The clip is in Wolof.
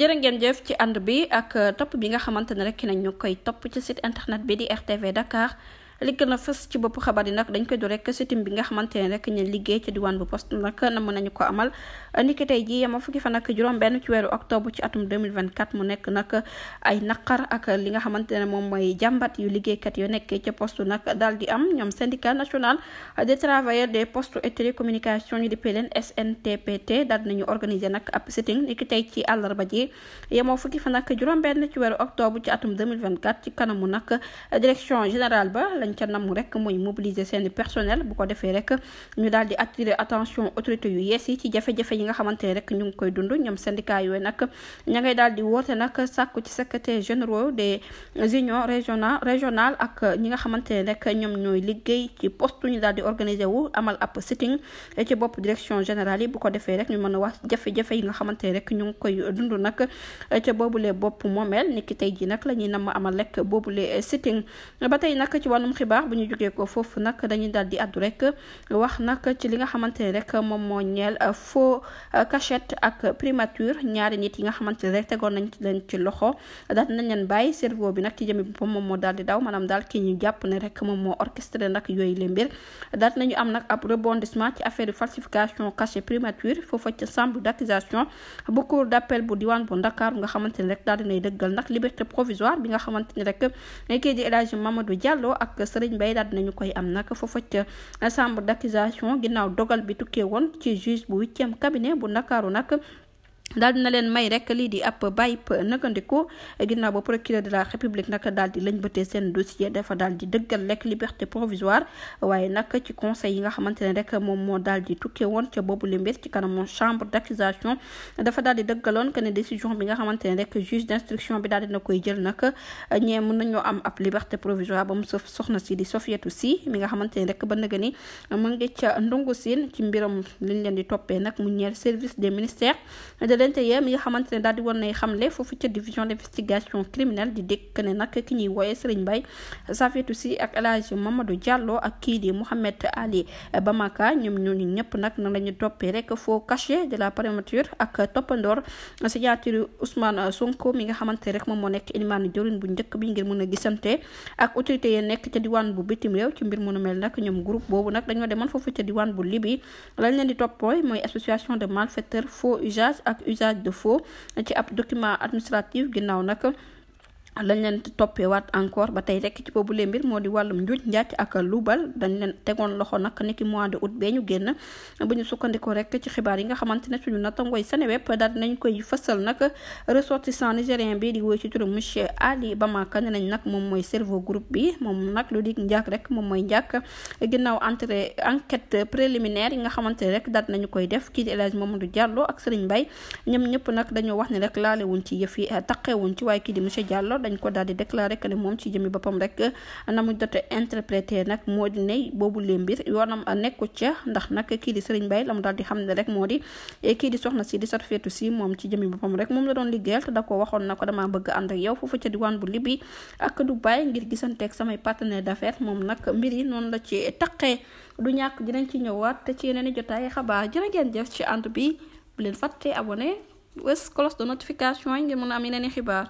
jërë ngeen jëf ci ànd bi ak euh, topp bi nga xamante ne rek nañ ñu koy topp ci site internet bi di RTV Dakar. li gën a fës ci bopp xabaar yi nag dañ koy du rek sitim bi nga xamante ne rek ñeen liggéey ak ci weeru octobre ci li nga xamante ne moom mooy jàmbat yu liggéeykat yu nekkee ca poste nag daal di am ñoom syndicat national des travailleurs de postes et télécommunications ñu dippee leen SNTPT daal nag ab sitting ni ki tey ci ji yemoo fukki fan ak juróom benn ci weeru octobre ci atum 2024 ci kanamu nag direction général ba lañ lañ ca namm rek mooy mobiliser seen personnel bu ko defee rek ñu daal di attirer attention autorité yu yees yi ci jafe-jafe yi nga xamante ne rek ñu ngi koy dund ñoom syndicat yooyu nag ña ngay daal di woote nag sàkku ci secrétaire généraux des unions régional régional ak ñi nga xamante ne rek ñoom ñooy liggéey ci poste daal di organiser wu amal ab sitting ci bopp direction générale yi bu ko defee rek ñu mën a wax jafe yi nga xamante ne rek ñu ngi koy dund nag ca boobu boobulee bopp moomeel niki tey ji nag la ñuy namm amal rek boobulee sitting ba tey nag ci wàllum xibaar bu ñu jógee ko foofu nag dañuy daal di àddu rek wax nag ci li nga xamante ne rek moom moo ñeel faux cachette ak primature ñaari nit yi nga xamante ne rek tegoon nañ leen ci loxo daal nañ leen bàyyi cerveau le mbir daal nañu am nag ab rebondissement ci affaire falsification cachet primature foofa ci chambre d'accusation bu cour d'appel bu diwaan bu Ndakaaru nga xamante ne rek daal dinay dëggal nag liberté provisoire bi nga xamante ne rek kii di El Hadji Mamadou Diallo ak sërëñ mbay daal nañu koy am nag foofa ca chambre d' accusation ginnaaw dogal bi tukkee woon ci juge bu huitième cabinet bu Ndakaaru nag daal dina leen may rek lii di ab bàyyip nëgandiku ginnaaw ba procureur de la république nag daal di lañ bëtee seen dossier dafa daal di dëggal rek liberté provisoire waaye nag ci conseil yi nga xamante ne rek moom moo daal di tukkee woon ca boobu li mbir ci kanamu chambre d'accusation dafa daal di dëggaloon que ne décision bi nga xamante ne rek juge d'instruction bi dal dina koy jël nag ñee mën nañoo am ab liberté provisoire ba mu sof soxna si di Sofietu si mi nga xamante ne rek ba nëga ni mu ngi ca ndungu siin ci mbiram liñ leen di toppee nag mu ñeel service des ministères l'intérieur mi nga xamante ne daal di woon nay xamle foofu ca division d'investigation criminelle di dégg ne nag ki ñuy wooye Serigne Mbaye Safietou Sy ak El Hadji Mamadou Diallo ak kii di Ali Bamaka ñoom ñooñu ñëpp nag nan la ñu toppee rek foo cachet de la primature ak toppandoor signature Ousmane Sonko mi nga xamante ne rek moom moo nekk ilimaanu jëwriñ bu njëkk bi ngir mën a gisante ak autorité yi nekk ca diwaan bu bitim réew ci mbir mu mel nag ñoom groupe boobu nag dañoo demoon foofu ca bu Libye usage de faux ci ab document administratif ginnaaw nag lañ leen toppewaat encore ba tey rek ci boobule mbir moo di wàllum njuuj njàcc ak luubal dañ leen tegoon loxo nag ni ki mois de août bee ñu génn bu ñu sukkandiku rek ci xibaar yi nga xamante ne suñu nattangooy Seneweb daal nañ koy fësal nag ressortissant nigérien bi di woy ci turu monsieur Ali Bamaka ne nañ nag moom mooy cerveau groupe bi moom nag lu di njàkk rek moom mooy njàkk ginnaaw entrée enquête préliminaire yi nga xamante ne rek daal nañu koy def kii di El Hadj du Diallo ak Serigne Mbaye ñoom ñëpp nag dañoo wax ne rek laalewuñ ci yëf yi taqeewuñ ci waaye kii monsieur Diallo dañ ko daal di déclaré que ne moom ci jëmi boppam rek na mu interprété nag moo di ne boobu lee mbir yoonam nekku ca ndax nag kii di Serigne Baye la mu daal di xam ne rek moo di e kii di soxna si di Sarfeetu si moom ci jëmi boppam rek moom la doon liggéeyal te da waxoon na ko damaa bëgg ànd ak yow foofu ca diwaan bu Libi ak Dubaay ngir gisanteeg samay partenaire d'affaires moom nag mbir noonu la ci taqee du ñàkk dinañ ci ñëwaat te ci yeneen i jotaay xabaar jërë ngeen jëf ci ànd bi bu leen fàtte abonné wes cloche de a am yeneen